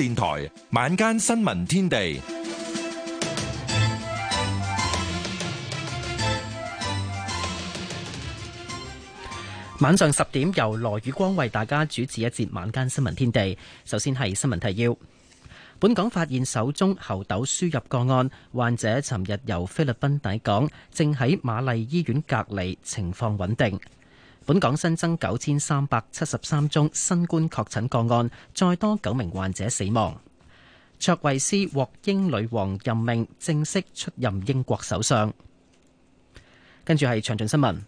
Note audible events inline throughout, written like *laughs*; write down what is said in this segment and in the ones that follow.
電台晚間新聞天地，晚上十點由羅宇光為大家主持一節晚間新聞天地。首先係新聞提要，本港發現首宗猴痘輸入個案，患者尋日由菲律賓抵港，正喺瑪麗醫院隔離，情況穩定。本港新增九千三百七十三宗新冠確診個案，再多九名患者死亡。卓慧斯獲英女王任命，正式出任英國首相。跟住係詳盡新聞。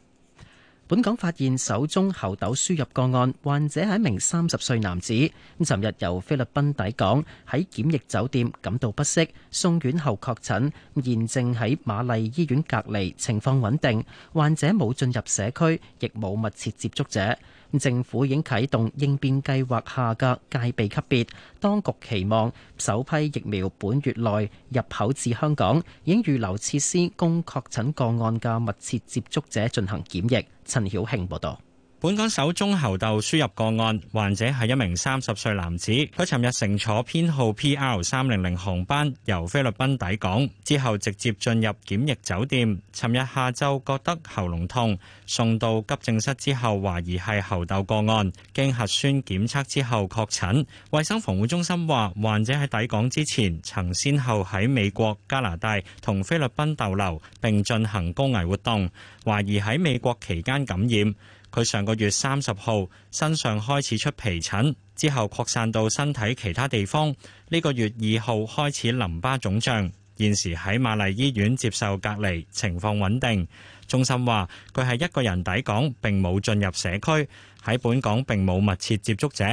本港發現首宗猴痘輸入個案，患者係一名三十歲男子，咁尋日由菲律賓抵港，喺檢疫酒店感到不適，送院後確診，現正喺瑪麗醫院隔離，情況穩定。患者冇進入社區，亦冇密切接觸者。政府已經啟動應變計劃下嘅戒備級別，當局期望首批疫苗本月內入口至香港，已預留設施供確診個案嘅密切接觸者進行檢疫。陳曉慶報道。本港首宗猴痘輸入個案，患者係一名三十歲男子，佢尋日乘坐編號 P.R. 三零零航班由菲律賓抵港，之後直接進入檢疫酒店。尋日下晝覺得喉嚨痛，送到急症室之後，懷疑係猴痘個案，經核酸檢測之後確診。衛生防護中心話患者喺抵港之前，曾先後喺美國、加拿大同菲律賓逗留，並進行高危活動，懷疑喺美國期間感染。佢上個月三十號身上開始出皮疹，之後擴散到身體其他地方。呢個月二號開始淋巴腫脹，現時喺瑪麗醫院接受隔離，情況穩定。中心話佢係一個人抵港，並冇進入社區，喺本港並冇密切接觸者。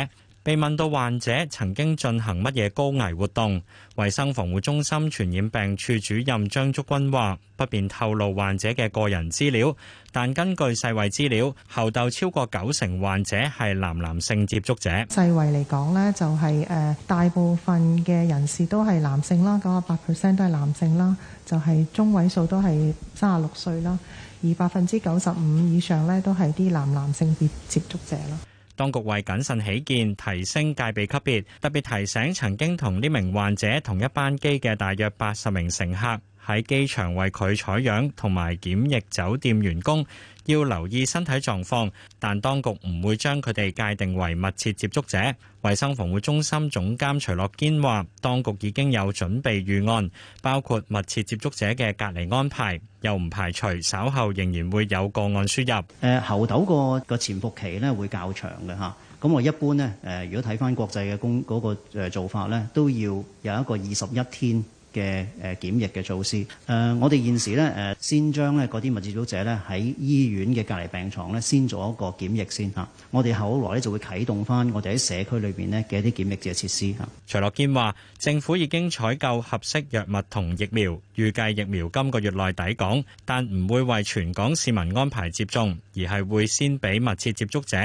被問到患者曾經進行乜嘢高危活動，衞生防護中心傳染病處主任張竹君話：不便透露患者嘅個人資料，但根據世衞資料，猴痘超過九成患者係男男性接觸者。世衞嚟講呢就係、是、誒大部分嘅人士都係男性啦，九啊八 percent 都係男性啦，就係、是、中位數都係三十六歲啦，而百分之九十五以上呢，都係啲男男性別接觸者啦。當局為謹慎起見，提升戒備級別，特別提醒曾經同呢名患者同一班機嘅大約八十名乘客。喺機場為佢採樣，同埋檢疫酒店員工要留意身體狀況，但當局唔會將佢哋界定為密切接觸者。衞生防護中心總監徐樂堅話，當局已經有準備預案，包括密切接觸者嘅隔離安排，又唔排除稍後仍然會有個案輸入。誒猴痘個個潛伏期呢會較長嘅嚇，咁我一般呢誒，如果睇返國際嘅工嗰個誒做法呢，都要有一個二十一天。嘅誒檢疫嘅措施，誒、呃、我哋現時呢，誒先將咧啲密切接觸者呢喺醫院嘅隔離病床呢先做一個檢疫先吓，我哋後來咧就會啟動翻我哋喺社區裏邊呢嘅一啲檢疫嘅設施吓。徐樂堅話，政府已經採購合適藥物同疫苗，預計疫苗今個月內抵港，但唔會為全港市民安排接種，而係會先俾密切接觸者、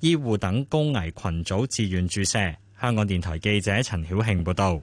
醫護等高危群組自願注射。香港電台記者陳曉慶報道。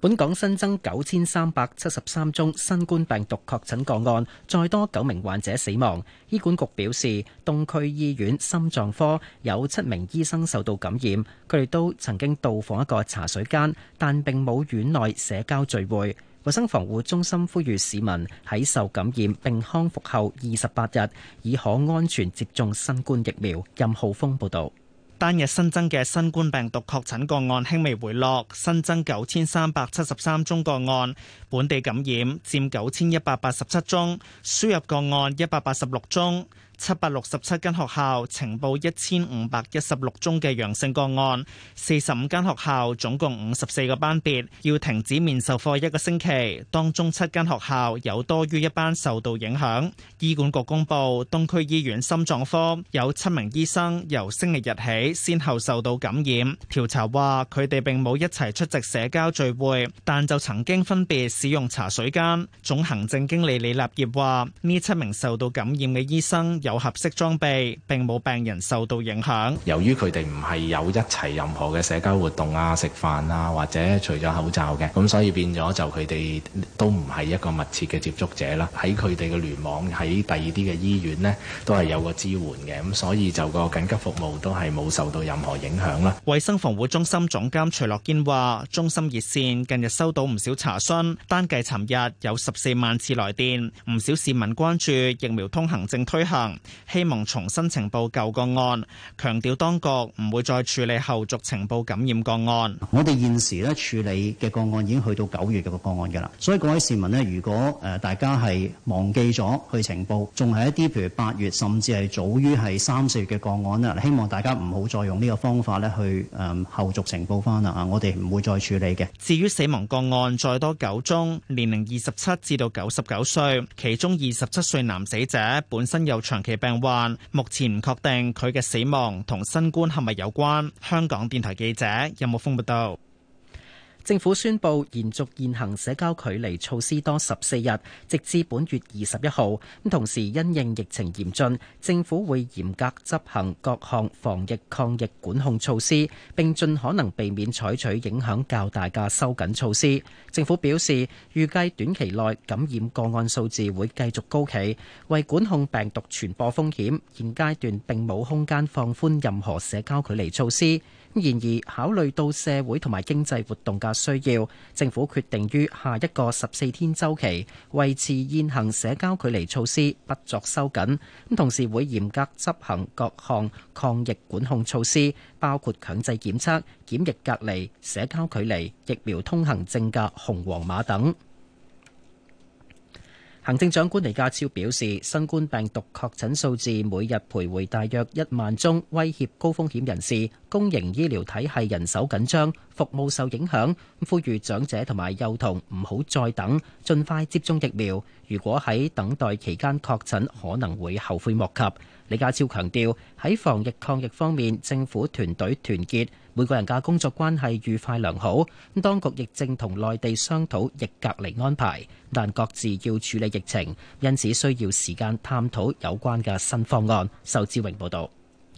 本港新增九千三百七十三宗新冠病毒確診個案，再多九名患者死亡。醫管局表示，東區醫院心臟科有七名醫生受到感染，佢哋都曾經到訪一個茶水間，但並冇院內社交聚會。衛生防護中心呼籲市民喺受感染並康復後二十八日，已可安全接種新冠疫苗。任浩峰報道。單日新增嘅新冠病毒確診個案輕微回落，新增九千三百七十三宗個案，本地感染佔九千一百八十七宗，輸入個案一百八十六宗。七百六十七間學校呈報一千五百一十六宗嘅陽性個案，四十五間學校總共五十四個班別要停止面授課一個星期，當中七間學校有多於一班受到影響。醫管局公布，東區醫院心臟科有七名醫生由星期日起先後受到感染。調查話佢哋並冇一齊出席社交聚會，但就曾經分別使用茶水間。總行政經理李立業話：呢七名受到感染嘅醫生有合適裝備，並冇病人受到影響。由於佢哋唔係有一齊任何嘅社交活動啊、食飯啊，或者除咗口罩嘅，咁所以變咗就佢哋都唔係一個密切嘅接觸者啦。喺佢哋嘅聯網喺第二啲嘅醫院呢，都係有個支援嘅，咁所以就個緊急服務都係冇受到任何影響啦。衞生防護中心總監徐樂堅話，中心熱線近日收到唔少查詢，單計尋日有十四萬次來電，唔少市民關注疫苗通行證推行。希望重新呈報舊個案，強調當局唔會再處理後續呈報感染個案。我哋現時咧處理嘅個案已經去到九月嘅個，個案噶啦，所以各位市民呢，如果誒大家係忘記咗去呈報，仲係一啲譬如八月甚至係早於係三四月嘅個案啦，希望大家唔好再用呢個方法咧去誒、嗯、後續呈報翻啦。我哋唔會再處理嘅。至於死亡個案再多九宗，年齡二十七至到九十九歲，其中二十七歲男死者本身有長其病患目前唔確定佢嘅死亡同新冠係咪有關。香港電台記者任木峰報道。政府宣布延續現行社交距離措施多十四日，直至本月二十一號，咁同時因應疫情嚴峻，政府會嚴格執行各項防疫抗疫管控措施，並盡可能避免採取影響較大嘅收緊措施。政府表示，預計短期內感染個案數字會繼續高企，為管控病毒傳播風險，現階段並冇空間放寬任何社交距離措施。然而，考慮到社會同埋經濟活動嘅需要，政府決定於下一個十四天周期維持現行社交距離措施不作收緊，同時會嚴格執行各項抗疫管控措施，包括強制檢測、檢疫隔離、社交距離、疫苗通行證嘅紅黃碼等。行政長官李家超表示，新冠病毒確診數字每日徘徊大約一萬宗，威脅高風險人士。公營醫療體系人手緊張，服務受影響。呼籲長者同埋幼童唔好再等，盡快接種疫苗。如果喺等待期間確診，可能會後悔莫及。李家超強調，喺防疫抗疫方面，政府團隊團結，每個人嘅工作關係愉快良好。咁當局亦正同內地商討疫隔離安排，但各自要處理疫情，因此需要時間探討有關嘅新方案。仇志榮報道。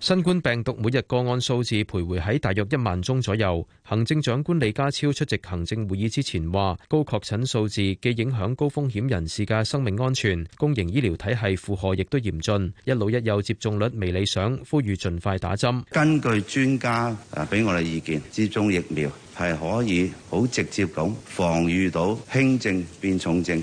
新冠病毒每日個案數字徘徊喺大約一萬宗左右。行政長官李家超出席行政會議之前話：高確診數字既影響高風險人士嘅生命安全，公營醫療體系負荷亦都嚴峻。一老一幼接種率未理想，呼籲盡快打針。根據專家啊，俾我哋意見，接種疫苗係可以好直接咁防禦到輕症變重症。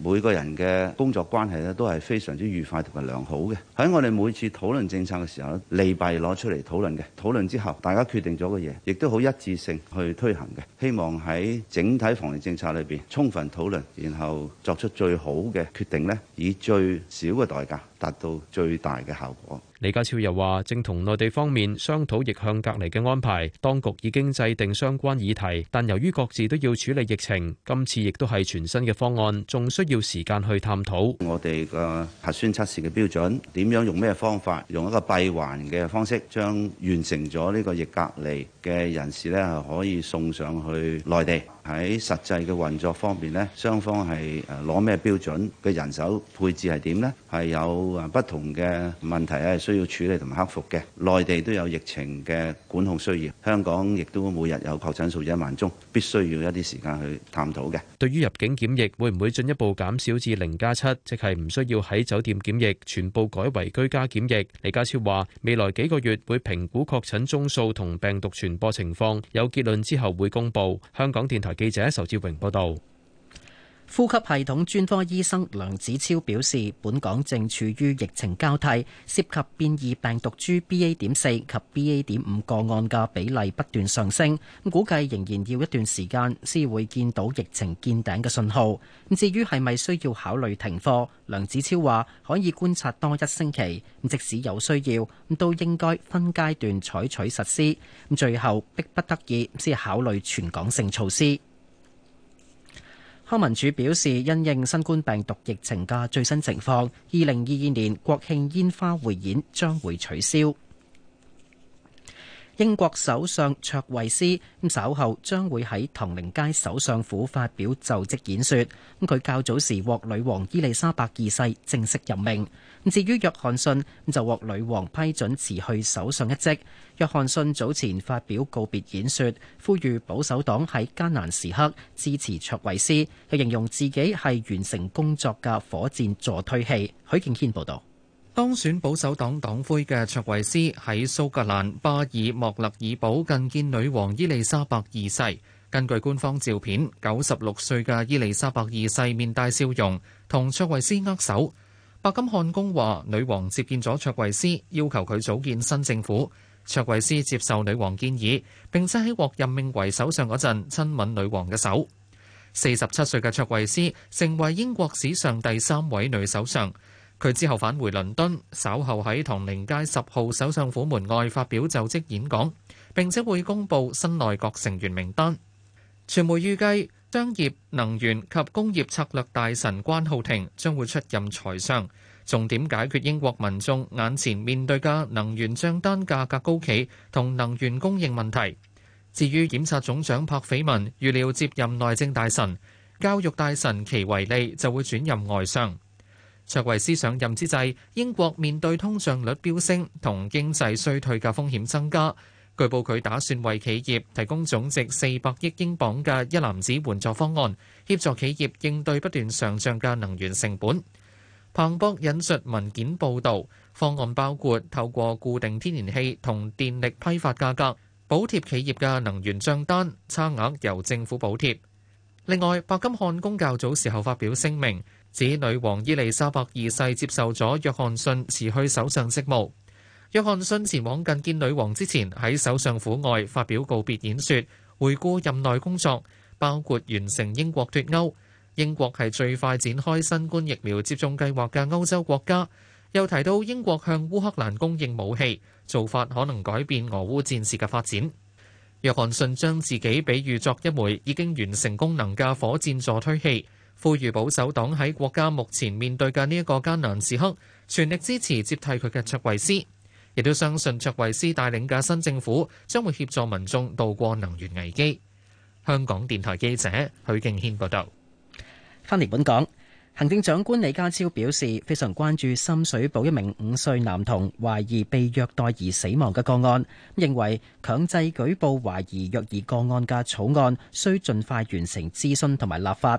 每個人嘅工作關係咧，都係非常之愉快同埋良好嘅。喺我哋每次討論政策嘅時候咧，利弊攞出嚟討論嘅。討論之後，大家決定咗嘅嘢，亦都好一致性去推行嘅。希望喺整體防疫政策裏邊，充分討論，然後作出最好嘅決定咧，以最少嘅代價。達到最大嘅效果。李家超又話，正同內地方面商討逆向隔離嘅安排，當局已經制定相關議題，但由於各自都要處理疫情，今次亦都係全新嘅方案，仲需要時間去探討，我哋嘅核酸測試嘅標準點樣用咩方法，用一個閉環嘅方式將完成咗呢個逆隔離嘅人士咧，係可以送上去內地。喺實際嘅運作方面呢，雙方係攞咩標準嘅人手配置係點呢？係有不同嘅問題係需要處理同埋克服嘅。內地都有疫情嘅管控需要，香港亦都每日有確診數一萬宗，必須要一啲時間去探討嘅。對於入境檢疫會唔會進一步減少至零加七，即係唔需要喺酒店檢疫，全部改為居家檢疫？李家超話：未來幾個月會評估確診宗數同病毒傳播情況，有結論之後會公佈。香港電台。記者仇志榮報道，呼吸系統專科醫生梁子超表示，本港正處於疫情交替，涉及變異病毒株 BA.4 及 BA.5 個案嘅比例不斷上升。估計仍然要一段時間先會見到疫情見頂嘅信號。至於係咪需要考慮停課，梁子超話可以觀察多一星期。即使有需要，都應該分階段採取實施。最後逼不得已先考慮全港性措施。康文署表示，因應新冠病毒疫情嘅最新情況，二零二二年國慶煙花匯演將會取消。英國首相卓慧斯咁稍後將會喺唐寧街首相府發表就職演說。咁佢較早時獲女王伊利沙伯二世正式任命。至於約翰遜咁就獲女王批准辭去首相一職。約翰遜早前發表告別演說，呼籲保守黨喺艱難時刻支持卓慧斯，又形容自己係完成工作嘅火箭助推器。許敬軒報導。當選保守黨黨魁嘅卓慧思喺蘇格蘭巴爾莫勒爾堡覲見女王伊麗莎白二世。根據官方照片，九十六歲嘅伊麗莎白二世面帶笑容，同卓慧思握手。白金漢宮話，女王接見咗卓慧思，要求佢組建新政府。卓慧思接受女王建議，並且喺獲任命為首相嗰陣親吻女王嘅手。四十七歲嘅卓慧思成為英國史上第三位女首相。佢之後返回倫敦，稍後喺唐寧街十號首相府門外發表就職演講，並且會公布新內閣成員名單。傳媒預計商業能源及工業策略大臣關浩庭將會出任財相，重點解決英國民眾眼前面對嘅能源帳單價格高企同能源供應問題。至於檢察總長柏斐文預料接任內政大臣，教育大臣奇維利就會轉任外相。卓慧思上任之際，英國面對通脹率飆升同經濟衰退嘅風險增加。據報佢打算為企業提供總值四百億英鎊嘅一籃子援助方案，協助企業應對不斷上漲嘅能源成本。彭博引述文件報導，方案包括透過固定天然氣同電力批發價格補貼企業嘅能源帳單差額，由政府補貼。另外，白金漢宮較早時候發表聲明。指女王伊麗莎白二世接受咗約翰遜辭去首相職務。約翰遜前往覲見女王之前，喺首相府外發表告別演說，回顧任內工作，包括完成英國脫歐。英國係最快展開新冠疫苗接種計劃嘅歐洲國家。又提到英國向烏克蘭供應武器，做法可能改變俄烏戰事嘅發展。約翰遜將自己比喻作一枚已經完成功能嘅火箭助推器。呼籲保守黨喺國家目前面對嘅呢一個艱難時刻，全力支持接替佢嘅卓慧思，亦都相信卓慧思帶領嘅新政府將會協助民眾渡過能源危機。香港電台記者許敬軒報道。翻嚟，本港，行政長官李家超表示，非常關注深水埗一名五歲男童懷疑被虐待而死亡嘅個案，認為強制舉報懷疑虐兒個案嘅草案需盡快完成諮詢同埋立法。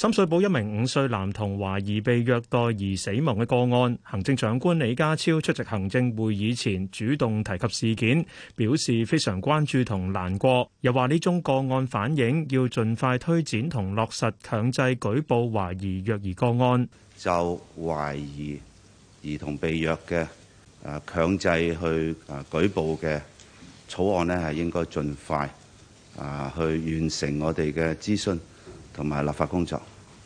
深水埗一名五歲男童懷疑被虐待而死亡嘅個案，行政長官李家超出席行政會議前主動提及事件，表示非常關注同難過，又話呢宗個案反映要盡快推展同落實強制舉報懷疑虐兒個案。就懷疑兒童被虐嘅誒強制去誒舉報嘅草案咧，係應該盡快啊去完成我哋嘅諮詢。同埋立法工作，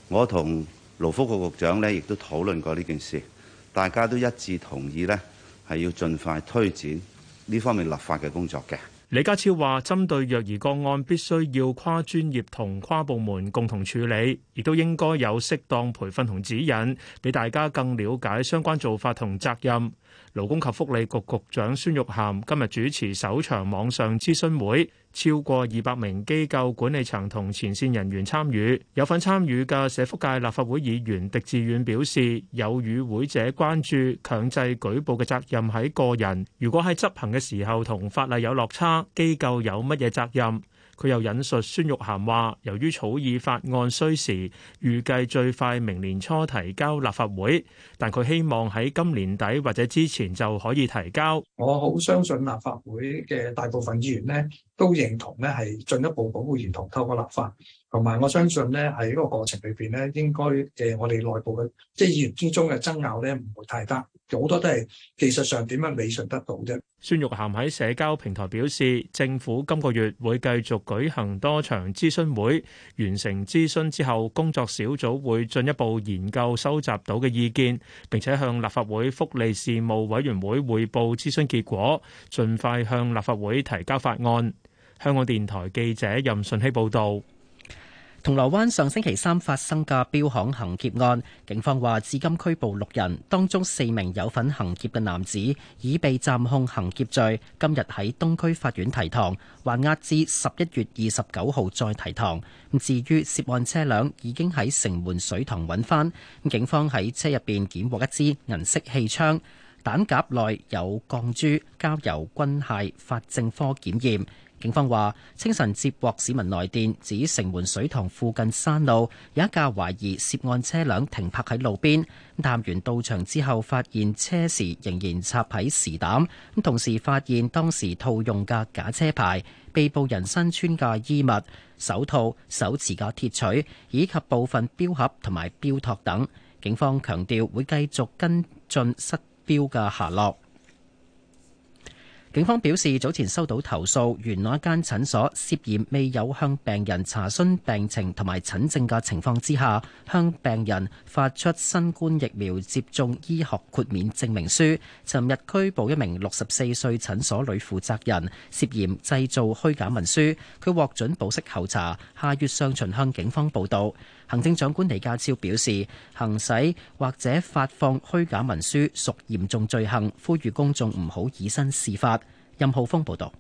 我同勞福局局長咧亦都討論過呢件事，大家都一致同意咧，係要盡快推展呢方面立法嘅工作嘅。李家超話針對虐兒個案，必須要跨專業同跨部門共同處理，亦都應該有適當培訓同指引，俾大家更了解相關做法同責任。勞工及福利局局長孫玉菡今日主持首場網上諮詢會。超過二百名機構管理層同前線人員參與。有份參與嘅社福界立法會議員狄志遠表示，有與會者關注強制舉報嘅責任喺個人。如果喺執行嘅時候同法例有落差，機構有乜嘢責任？佢又引述孫玉菡話，由於草擬法案需時，預計最快明年初提交立法會，但佢希望喺今年底或者之前就可以提交。我好相信立法會嘅大部分議員呢都認同呢係進一步保護兒童，透過立法。同埋，我相信咧喺呢個過程裏邊咧，應該嘅我哋內部嘅即係議員之中嘅爭拗咧，唔會太大，好多都係技術上點樣理順得到啫。孫玉涵喺社交平台表示，政府今個月會繼續舉行多場諮詢會，完成諮詢之後，工作小組會進一步研究收集到嘅意見，並且向立法會福利事務委員會匯報諮詢結果，盡快向立法會提交法案。香港電台記者任順希報導。銅鑼灣上星期三發生嘅錶行行劫案，警方話至今拘捕六人，當中四名有份行劫嘅男子已被暫控行劫罪，今日喺東區法院提堂，還押至十一月二十九號再提堂。至於涉案車輛已經喺城門水塘揾返，警方喺車入邊檢獲一支銀色氣槍，彈夾內有鋼珠，交由軍械法證科檢驗。警方話：清晨接獲市民來電，指城門水塘附近山路有一架懷疑涉案車輛停泊喺路邊。探員到場之後，發現車匙仍然插喺匙膽，同時發現當時套用嘅假車牌、被捕人身穿嘅衣物、手套、手持嘅鐵錘以及部分錶盒同埋錶托等。警方強調會繼續跟進失錶嘅下落。警方表示，早前收到投訴，原來一間診所涉嫌未有向病人查詢病情同埋診症嘅情況之下，向病人發出新冠疫苗接種醫學豁免證明書，尋日拘捕一名六十四歲診所女負責人，涉嫌製造虛假文書，佢獲准保釋候查，下月上旬向警方報到。行政長官李家超表示，行使或者發放虛假文書屬嚴重罪行，呼籲公眾唔好以身試法。任浩峰報道，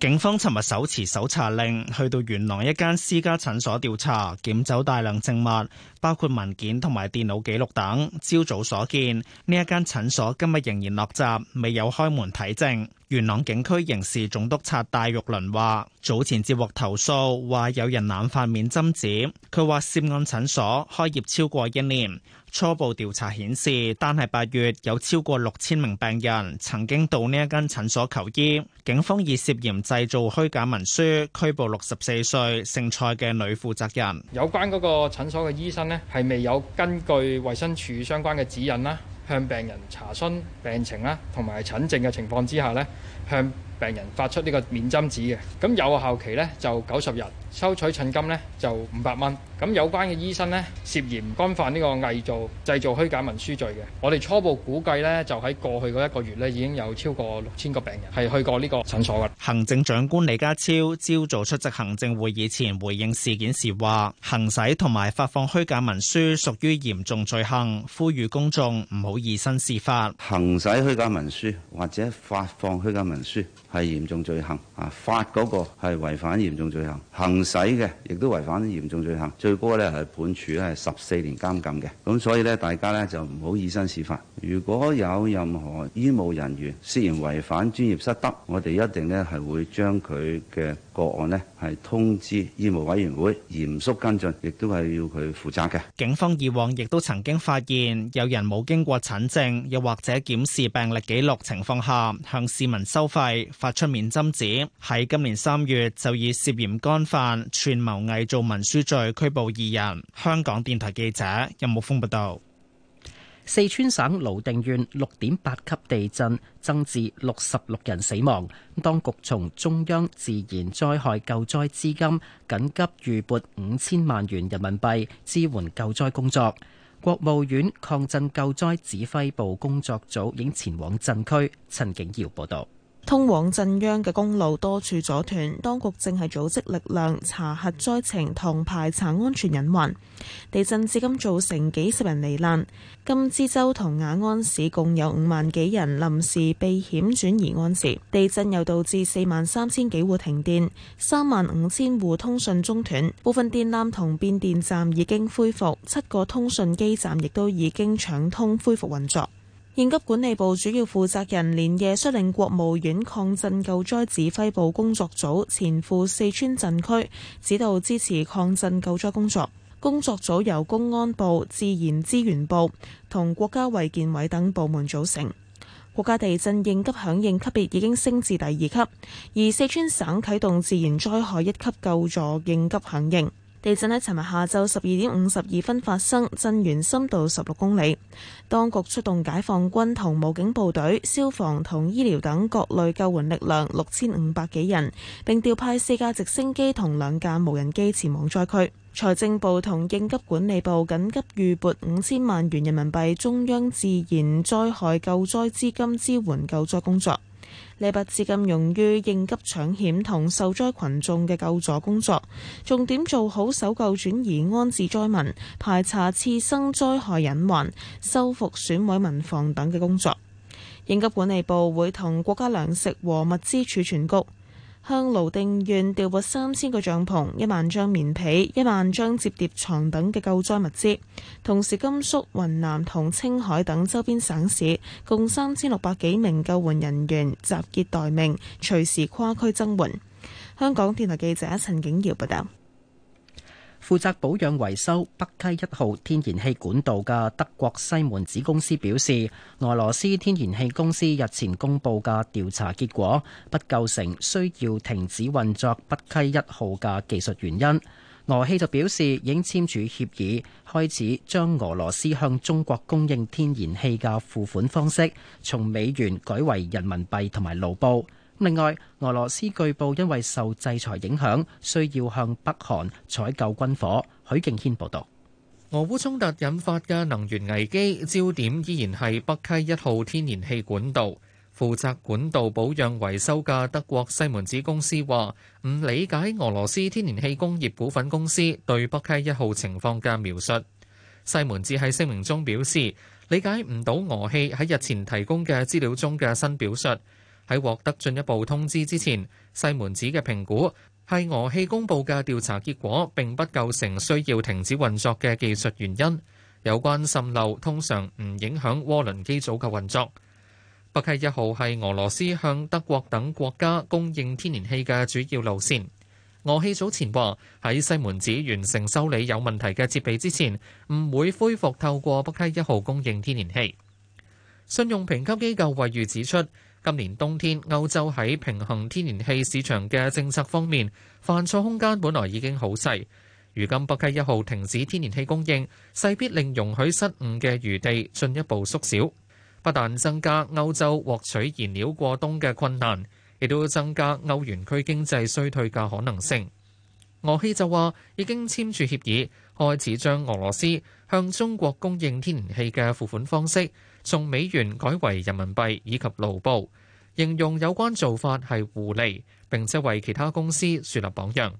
警方尋日手持搜查令去到元朗一間私家診所調查，檢走大量證物。包括文件同埋電腦記錄等。朝早所見，呢一間診所今日仍然落閘，未有開門睇證。元朗警區刑事總督察戴玉倫話，早前接獲投訴，話有人濫發免針紙。佢話涉案診所開業超過一年，初步調查顯示，單係八月有超過六千名病人曾經到呢一間診所求醫。警方以涉嫌製造虛假文書，拘捕六十四歲姓蔡嘅女負責人。有關嗰個診所嘅醫生。係未有根據衛生署相關嘅指引啦，向病人查詢病情啦，同埋診症嘅情況之下咧。向病人發出呢個免針紙嘅，咁有效期咧就九十日，收取診金咧就五百蚊。咁有關嘅醫生咧涉嫌干犯呢個偽造製造虛假文書罪嘅，我哋初步估計咧就喺過去嗰一個月咧已經有超過六千個病人係去過呢個診所嘅。行政長官李家超朝早出席行政會議前回應事件時話行使同埋發放虛假文書屬於嚴重罪行，呼籲公眾唔好以身試法。行使虛假文書或者發放虛假文書。係嚴重罪行啊！罰嗰個係違反嚴重罪行，行使嘅亦都違反嚴重罪行，最高呢係判處呢係十四年監禁嘅。咁所以呢，大家呢就唔好以身試法。如果有任何醫務人員涉嫌違反專業失德，我哋一定呢係會將佢嘅個案呢係通知醫務委員會，嚴肅跟進，亦都係要佢負責嘅。警方以往亦都曾經發現有人冇經過診症，又或者檢視病歷記錄情況下，向市民收費發出免針紙喺今年三月就以涉嫌干犯串謀偽造文書罪拘捕二人。香港電台記者任木峰報道，四川省瀘定縣六點八級地震增至六十六人死亡。當局從中央自然災害救災資金緊急預撥五千萬元人民幣支援救災工作。國務院抗震救災指揮部工作組已經前往震區。陳景堯報道。通往震央嘅公路多處阻斷，當局正係組織力量查核災情同排查安全隱患。地震至今造成幾十人罹難，甘孜州同雅安市共有五萬幾人臨時避險轉移安置。地震又導致四萬三千幾戶停電，三萬五千戶通訊中斷。部分電纜同變電站已經恢復，七個通訊基站亦都已經搶通恢復運作。應急管理部主要負責人連夜率領國務院抗震救災指揮部工作組前赴四川震區，指導支持抗震救災工作。工作組由公安部、自然資源部同國家衛健委等部門組成。國家地震應急響應級別已經升至第二級，而四川省啟動自然災害一級救助應急響應。地震喺尋日下晝十二點五十二分發生，震源深度十六公里。當局出動解放軍同武警部隊、消防同醫療等各類救援力量六千五百幾人，並調派四架直升機同兩架無人機前往災區。財政部同應急管理部緊急預撥五千萬元人民幣中央自然災害救災資金，支援救災工作。呢筆資金用於應急搶險同受災群眾嘅救助工作，重點做好搜救、轉移、安置災民、排查次生災害隱患、修復損毀民房等嘅工作。應急管理部會同國家糧食和物資儲存局，向瀘定縣調撥三千個帳篷、一萬張棉被、一萬張摺疊床等嘅救災物資，同時甘肅、雲南同青海等周邊省市共三千六百幾名救援人員集結待命，隨時跨區增援。香港電台記者陳景瑤報道。負責保養維修北溪一號天然氣管道嘅德國西門子公司表示，俄羅斯天然氣公司日前公布嘅調查結果不構成需要停止運作北溪一號嘅技術原因。俄氣就表示，已經簽署協議，開始將俄羅斯向中國供應天然氣嘅付款方式從美元改為人民幣同埋盧布。另外，俄羅斯據報因為受制裁影響，需要向北韓採購軍火。許敬軒報導，俄烏衝突引發嘅能源危機焦點依然係北溪一號天然氣管道。負責管道保養維修嘅德國西門子公司話：唔理解俄羅斯天然氣工業股份公司對北溪一號情況嘅描述。西門子喺聲明中表示，理解唔到俄氣喺日前提供嘅資料中嘅新表述。喺獲得進一步通知之前，西門子嘅評估係俄氣公佈嘅調查結果，並不構成需要停止運作嘅技術原因。有關滲漏通常唔影響渦輪機組嘅運作。北溪一號係俄羅斯向德國等國家供應天然氣嘅主要路線。俄氣早前話喺西門子完成修理有問題嘅設備之前，唔會恢復透過北溪一號供應天然氣。信用評級機構惠譽指出。今年冬天，歐洲喺平衡天然氣市場嘅政策方面犯錯空間本來已經好細，如今北溪一號停止天然氣供應勢必令容許失誤嘅餘地進一步縮小，不但增加歐洲獲取燃料過冬嘅困難，亦都增加歐元區經濟衰退嘅可能性。俄氣就話已經簽署協議開始將俄羅斯向中國供應天然氣嘅付款方式。從美元改為人民幣以及盧布，形容有關做法係互利，並且為其他公司樹立榜樣。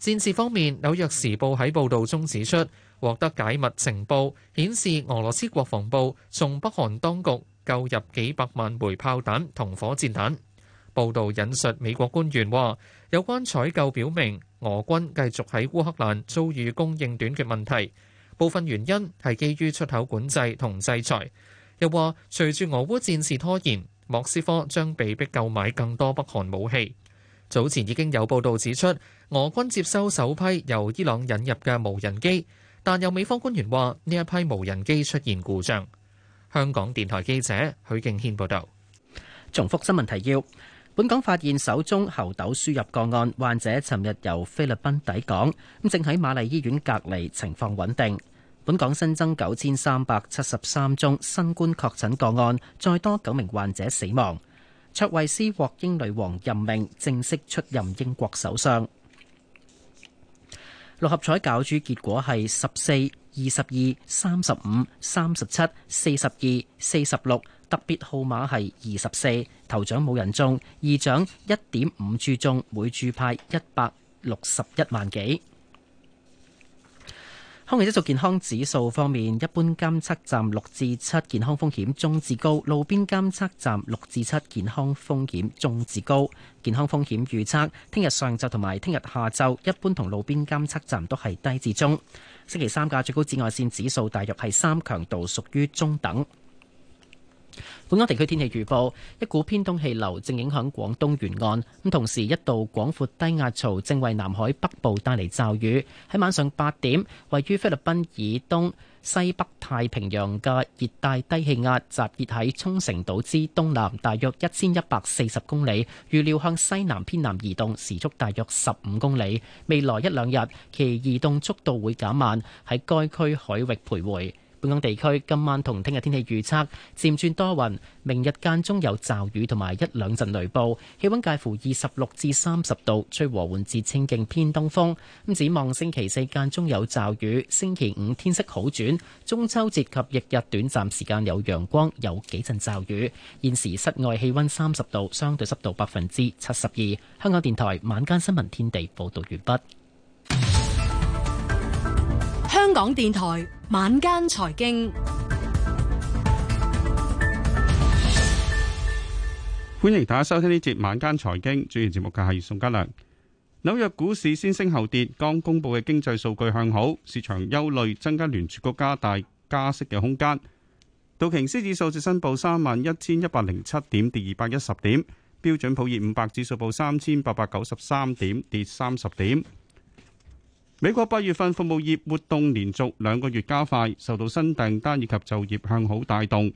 戰事方面，《紐約時報》喺報導中指出，獲得解密情報顯示俄羅斯國防部從北韓當局購入幾百萬枚炮彈同火箭彈。報導引述美國官員話：有關採購表明俄軍繼續喺烏克蘭遭遇供應短缺問題，部分原因係基於出口管制同制裁。又話，隨住俄烏戰事拖延，莫斯科將被迫購買更多北韓武器。早前已經有報道指出，俄軍接收首批由伊朗引入嘅無人機，但有美方官員話呢一批無人機出現故障。香港電台記者許敬軒報導。重複新聞提要：本港發現首宗猴痘輸入個案，患者尋日由菲律賓抵港，咁正喺瑪麗醫院隔離，情況穩定。本港新增九千三百七十三宗新冠確診個案，再多九名患者死亡。卓慧斯獲英女王任命，正式出任英國首相。六合彩攪珠結果係十四、二十二、三十五、三十七、四十二、四十六，特別號碼係二十四。頭獎冇人中，二獎一點五注中，每注派一百六十一萬幾。空氣質素健康指數方面，一般監測站六至七，健康風險中至高，路邊監測站六至七，健康風險中至高。健康風險預測，聽日上晝同埋聽日下晝，一般同路邊監測站都係低至中。星期三嘅最高紫外線指數大約係三強度，屬於中等。本港地區天氣預報：一股偏東氣流正影響廣東沿岸，咁同時一道廣闊低壓槽正為南海北部帶嚟驟雨。喺晚上八點，位於菲律賓以東西北太平洋嘅熱帶低氣壓集結喺沖繩島之東南，大約一千一百四十公里。預料向西南偏南移動，時速大約十五公里。未來一兩日，其移動速度會減慢，喺該區海域徘徊。本港地區今晚同聽日天氣預測漸轉多雲，明日間中有驟雨同埋一兩陣雷暴，氣溫介乎二十六至三十度，吹和緩至清勁偏東風。咁展望星期四間中有驟雨，星期五天色好轉，中秋節及翌日短暫時間有陽光，有幾陣驟雨。現時室外氣溫三十度，相對濕度百分之七十二。香港電台晚間新聞天地報道完畢。港電台晚間財經，歡迎大家收聽呢節晚間財經。主持節目嘅係宋家良。紐約股市先升後跌，剛公佈嘅經濟數據向好，市場憂慮增加，聯儲局加大加息嘅空間。道瓊斯指數就申報三萬一千一百零七點，跌二百一十點。標準普爾五百指數報三千八百九十三點，跌三十點。美國八月份服務業活動連續兩個月加快，受到新訂單以及就業向好帶動，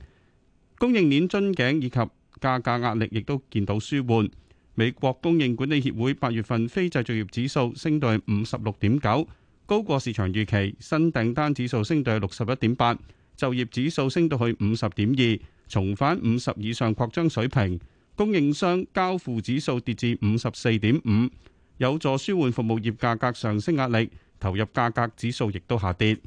供應鏈樽頸以及價格壓力亦都見到舒緩。美國供應管理協會八月份非製造業指數升到去五十六點九，高過市場預期；新訂單指數升到去六十一點八，就業指數升到去五十點二，重返五十以上擴張水平。供應商交付指數跌至五十四點五。有助舒緩服務業價格上升壓力，投入價格指數亦都下跌。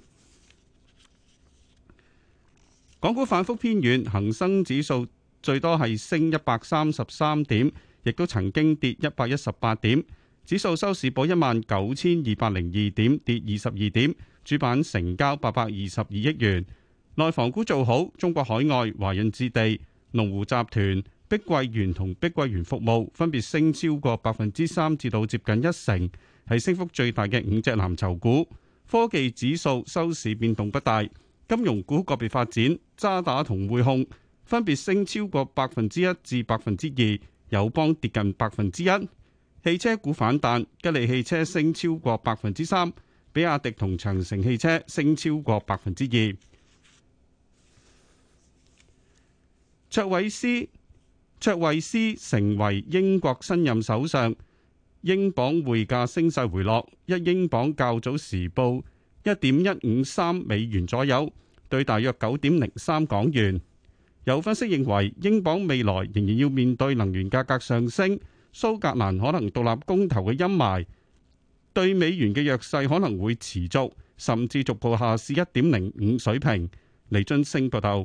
港股反覆偏軟，恒生指數最多係升一百三十三點，亦都曾經跌一百一十八點。指數收市報一萬九千二百零二點，跌二十二點。主板成交八百二十二億元。內房股做好，中國海外、華潤置地、龍湖集團。碧桂園同碧桂園服務分別升超過百分之三至到接近一成，係升幅最大嘅五隻藍籌股。科技指數收市變動不大，金融股個別發展，渣打同匯控分別升超過百分之一至百分之二，友邦跌近百分之一。汽車股反彈，吉利汽車升超過百分之三，比亞迪同長城汽車升超過百分之二。卓偉斯。卓慧斯成為英國新任首相，英鎊匯價升勢回落，一英鎊較早時報一點一五三美元左右，兌大約九點零三港元。有分析認為，英鎊未來仍然要面對能源價格上升、蘇格蘭可能獨立公投嘅陰霾，對美元嘅弱勢可能會持續，甚至逐步下試一點零五水平。李津升報道。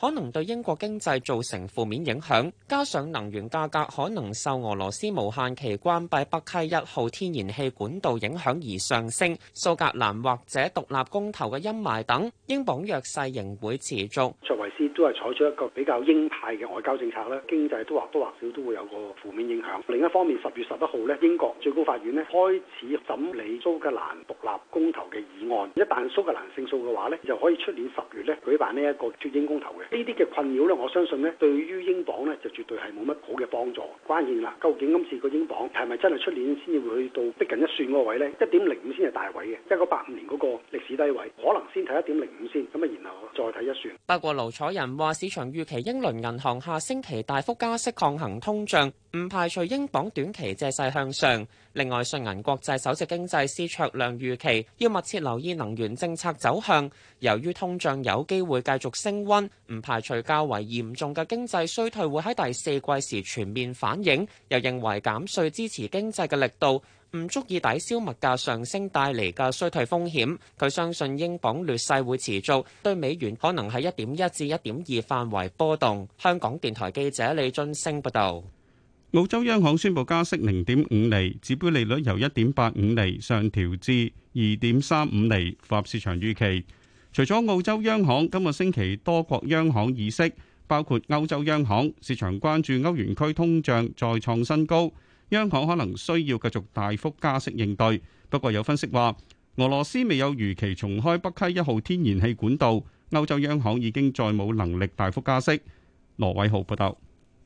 可能對英國經濟造成負面影響，加上能源價格可能受俄羅斯無限期關閉北溪一號天然氣管道影響而上升，蘇格蘭或者獨立公投嘅陰霾等，英鎊弱勢仍會持續。卓慧思都係採取一個比較鷹派嘅外交政策咧，經濟都或多或少都會有個負面影響。另一方面，十月十一號咧，英國最高法院咧開始審理蘇格蘭獨立公投嘅議案，一旦蘇格蘭勝訴嘅話咧，就可以出年十月咧舉辦呢一個脱英公投嘅。呢啲嘅困擾咧，我相信咧，對於英鎊咧，就絕對係冇乜好嘅幫助。關鍵啦，究竟今次個英鎊係咪真係出年先至會去到逼近一算個位咧？一點零五先係大位嘅，即係八五年嗰個歷史低位，可能先睇一點零五先，咁啊，然後再睇一算。不過，盧彩仁話：市場預期英倫銀行下星期大幅加息抗衡通脹，唔排除英鎊短期借勢向上。另外，信銀國際首席經濟師卓亮預期要密切留意能源政策走向，由於通脹有機會繼續升溫，唔排除較為嚴重嘅經濟衰退會喺第四季時全面反映，又認為減稅支持經濟嘅力度唔足以抵消物價上升帶嚟嘅衰退風險。佢相信英鎊劣勢會持續，對美元可能喺一點一至一點二範圍波動。香港電台記者李津升報道，澳洲央行宣布加息零點五厘，指標利率由一點八五厘上調至二點三五厘，符合市場預期。除咗澳洲央行，今個星期多國央行議息，包括歐洲央行，市場關注歐元區通脹再創新高，央行可能需要繼續大幅加息應對。不過有分析話，俄羅斯未有如期重開北溪一號天然氣管道，歐洲央行已經再冇能力大幅加息。羅偉豪報道，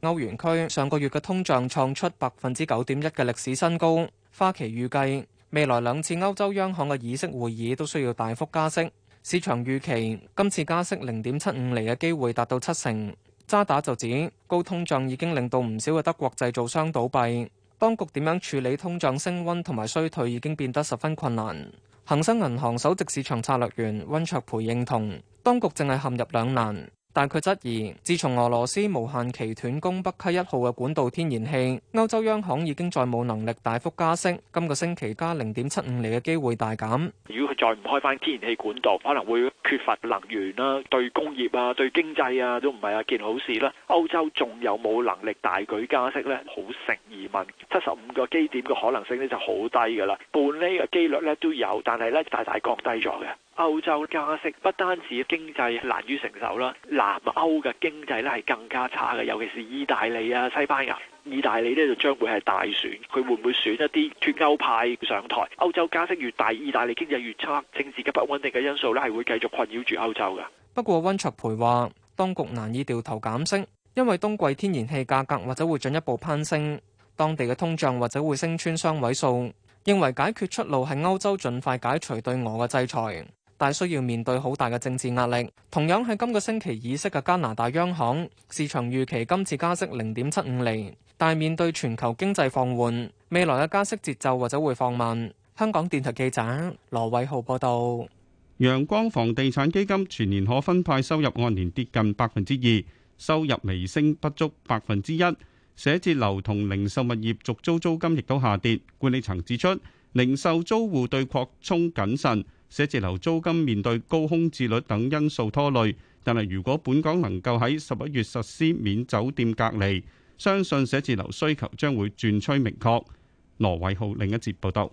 歐元區上個月嘅通脹創出百分之九點一嘅歷史新高，花旗預計未來兩次歐洲央行嘅議息會議都需要大幅加息。市場預期今次加息零點七五厘嘅機會達到七成。渣打就指高通脹已經令到唔少嘅德國製造商倒閉，當局點樣處理通脹升温同埋衰退已經變得十分困難。恒生銀行首席市場策略員温卓培認同，當局淨係陷入兩難。但佢質疑，自從俄羅斯無限期斷供北溪一號嘅管道天然氣，歐洲央行已經再冇能力大幅加息。今個星期加零點七五厘嘅機會大減。如果佢再唔開返天然氣管道，可能會缺乏能源啦，對工業啊、對經濟啊都唔係一件好事啦。歐洲仲有冇能力大舉加息咧？好成疑問，七十五個基點嘅可能性咧就好低噶啦。半厘嘅機率咧都有，但係咧大大降低咗嘅。歐洲加息不單止經濟難於承受啦，南歐嘅經濟咧係更加差嘅，尤其是意大利啊、西班牙。意大利呢就將會係大選，佢會唔會選一啲脫歐派上台？歐洲加息越大，意大利經濟越差，政治嘅不穩定嘅因素咧係會繼續困擾住歐洲㗎。不過，溫卓培話，當局難以掉頭減息，因為冬季天然氣價格或者會進一步攀升，當地嘅通脹或者會升穿雙位數。認為解決出路係歐洲盡快解除對俄嘅制裁。但需要面對好大嘅政治壓力。同樣係今個星期議息嘅加拿大央行，市場預期今次加息零點七五厘，但面對全球經濟放緩，未來嘅加息節奏或者會放慢。香港電台記者羅偉浩報道：陽光房地產基金全年可分派收入按年跌近百分之二，收入微升不足百分之一。寫字樓同零售物業續租租金亦都下跌。管理層指出，零售租戶對擴充謹慎。寫字樓租金面對高空置率等因素拖累，但係如果本港能夠喺十一月實施免酒店隔離，相信寫字樓需求將會轉趨明確。羅偉浩另一節報道。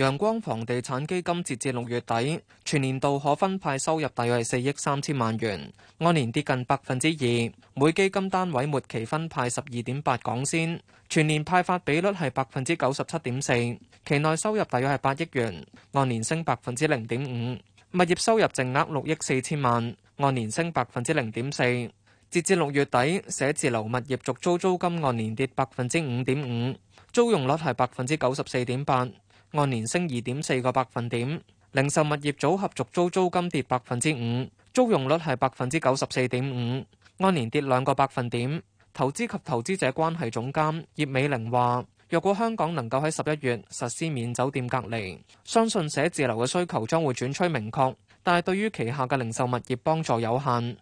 陽光房地產基金截至六月底，全年度可分派收入大約係四億三千萬元，按年跌近百分之二。每基金單位末期分派十二點八港仙，全年派發比率係百分之九十七點四。期內收入大約係八億元，按年升百分之零點五。物業收入淨額六億四千萬，按年升百分之零點四。截至六月底，寫字樓物業續租租金按年跌百分之五點五，租用率係百分之九十四點八。按年升二點四個百分點，零售物業組合續租租金跌百分之五，租用率係百分之九十四點五，按年跌兩個百分點。投資及投資者關係總監葉美玲話，若果香港能夠喺十一月實施免酒店隔離，相信寫字樓嘅需求將會轉趨明確，但係對於旗下嘅零售物業幫助有限。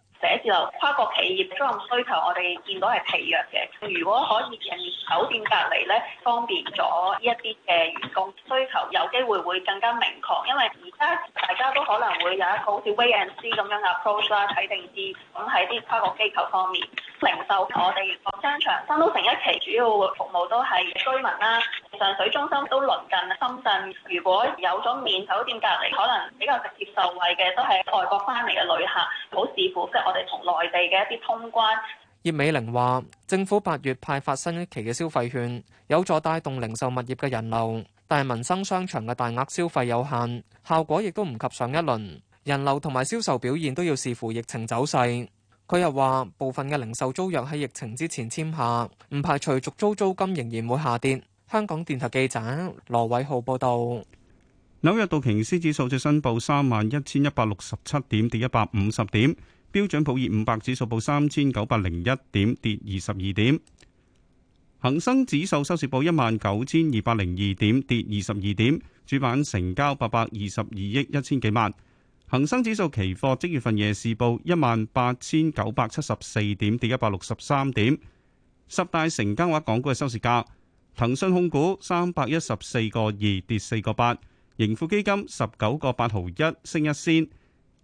就跨國企業嘅招聘需求，我哋見到係疲弱嘅。如果可以免酒店隔離咧，方便咗呢一啲嘅員工需求，有機會會更加明確。因為而家大家都可能會有一個好似 wait and see 咁樣 approach 啦，睇定啲咁，喺啲跨國機構方面，零售我哋國商場新都城一期主要服務都係居民啦、啊。上水中心都鄰近深圳，如果有咗面酒店隔離，可能比較直接受惠嘅都係外國翻嚟嘅旅客。好視乎即係我哋同。內地嘅一啲通關，葉美玲話：政府八月派發新一期嘅消費券，有助帶動零售物業嘅人流，但係民生商場嘅大額消費有限，效果亦都唔及上一輪，人流同埋銷售表現都要視乎疫情走勢。佢又話：部分嘅零售租約喺疫情之前簽下，唔排除續租租金仍然會下跌。香港電台記者羅偉浩報導。紐約道瓊斯指數最新報三萬一千一百六十七點，跌一百五十點。標準普爾五百指數報三千九百零一點，跌二十二點。恒生指數收市報一萬九千二百零二點，跌二十二點。主板成交八百二十二億一千幾萬。恒生指數期貨即月份夜市報一萬八千九百七十四點，跌一百六十三點。十大成交額港股嘅收市價：騰訊控股三百一十四個二，跌四個八；盈富基金十九個八毫一，升一仙。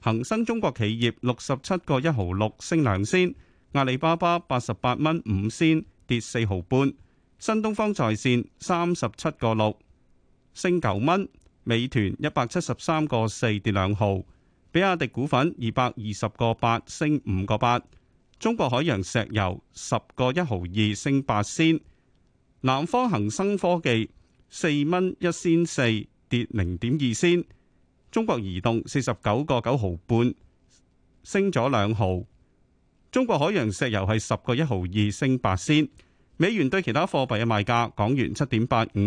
恒生中國企業六十七個一毫六升兩仙，阿里巴巴八十八蚊五仙跌四毫半，新東方在線三十七個六升九蚊，美團一百七十三個四跌兩毫，比亞迪股份二百二十個八升五個八，中國海洋石油十個一毫二升八仙，南方恒生科技四蚊一仙四跌零點二仙。中國移動四十九個九毫半，升咗兩毫。中國海洋石油係十個一毫二，升八仙。美元對其他貨幣嘅賣價：港元七點八五，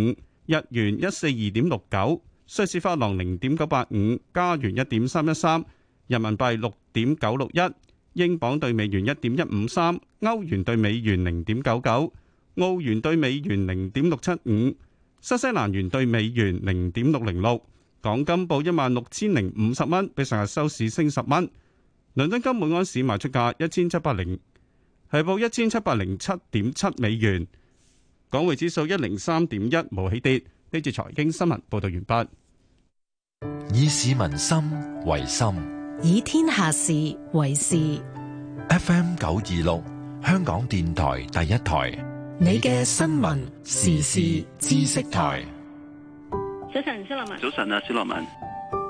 日元一四二點六九，瑞士法郎零點九八五，加元一點三一三，人民幣六點九六一，英鎊兌美元一點一五三，歐元兌美元零點九九，澳元兌美元零點六七五，新西蘭元兌美元零點六零六。港金報一萬六千零五十蚊，比上日收市升十蚊。倫敦金每安士賣出價一千七百零，係報一千七百零七點七美元。港匯指數一零三點一，冇起跌。呢節財經新聞報道完畢。以市民心為心，以天下事為事。F.M. 九二六，香港電台第一台，你嘅新聞時事知識台。早晨，肖樂文。早晨啊，肖樂文。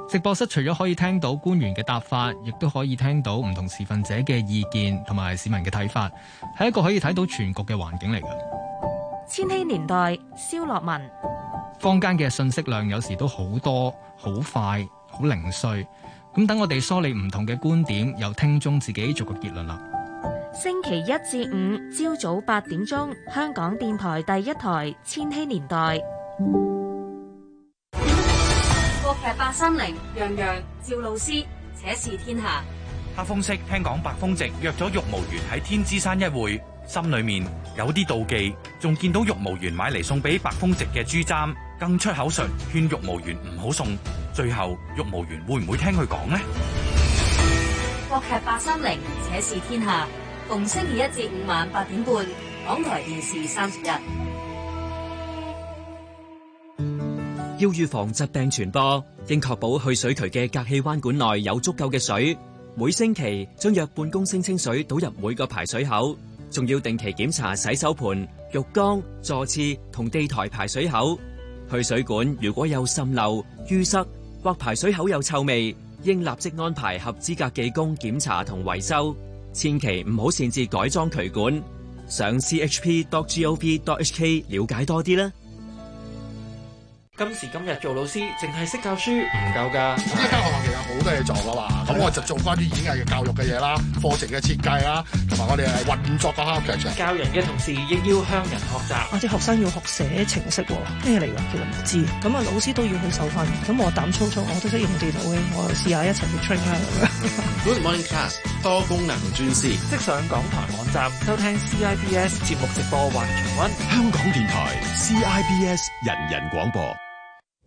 直播室除咗可以聽到官員嘅答法，亦都可以聽到唔同持分者嘅意見同埋市民嘅睇法，係一個可以睇到全局嘅環境嚟嘅。千禧年代，肖樂文。坊間嘅信息量有時都好多、好快、好零碎。咁等我哋梳理唔同嘅觀點，由聽眾自己做個結論啦。星期一至五朝早八點鐘，香港電台第一台千禧年代。《劇八三零》，楊洋、趙老師，且視天下。黑風息聽講，白風直約咗玉無源喺天之山一會，心裏面有啲妒忌，仲見到玉無源買嚟送俾白風直嘅珠簪，更出口術勸玉無源唔好送。最後玉無源會唔會聽佢講呢？國劇八三零，且視天下，逢星期一至五晚八點半，港台電視三十日。要預防疾病傳播，應確保去水渠嘅隔氣彎管內有足夠嘅水。每星期將約半公升清水倒入每個排水口，仲要定期檢查洗手盆、浴缸、坐廁同地台排水口。去水管如果有滲漏、淤塞或排水口有臭味，應立即安排合資格技工檢查同維修。千祈唔好擅自改裝渠管。上 chp.gov.hk 了解多啲啦。今時今日做老師，淨係識教書唔夠噶。咁一間學校其實好多嘢做噶嘛，咁我就做翻啲演藝嘅教育嘅嘢啦，課程嘅設計啦，同埋我哋係運作個教學場。教人嘅同時亦要向人學習。啊，啲學生要學寫程式喎、啊，咩嚟㗎？其實唔知。咁啊，老師都要去受訓。咁我膽粗粗，我都識用電腦嘅，我就試,試一一下一齊去 train 啦。 *laughs* Good morning class，多功能專師，即上港台網站收聽 CIBS 節目直播或重温香港電台 CIBS 人,人人廣播。、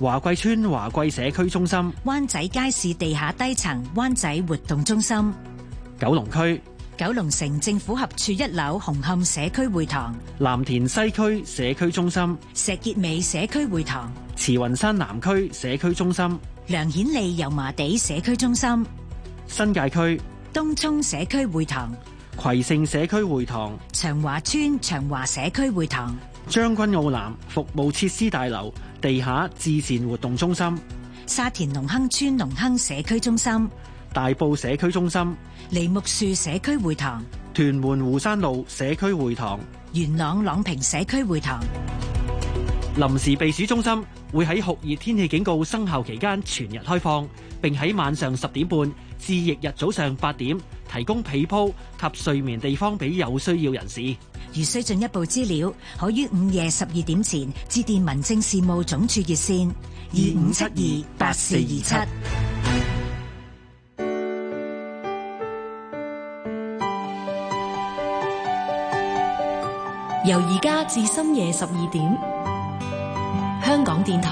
華貴村華貴社區中心、灣仔街市地下低層灣仔活動中心、九龍區、九龍城政府合署一樓紅磡社區會堂、藍田西區社區中心、石硤尾社區會堂、慈雲山南區社區中心、梁顯利油麻地社區中心、新界區東涌社區會堂、葵盛社區會堂、長華村長華社區會堂。將軍澳南服務設施大樓地下至善活動中心、沙田農亨村農亨社區中心、大埔社區中心、梨木樹社區會堂、屯門湖山路社區會堂、元朗朗平社區會堂、臨時避暑中心會喺酷熱天氣警告生效期間全日開放，並喺晚上十點半至翌日早上八點。提供被鋪及睡眠地方俾有需要人士。如需進一步資料，可於午夜十二點前致電民政事務總署熱線二五七二八四二七。由而家至深夜十二點，香港電台。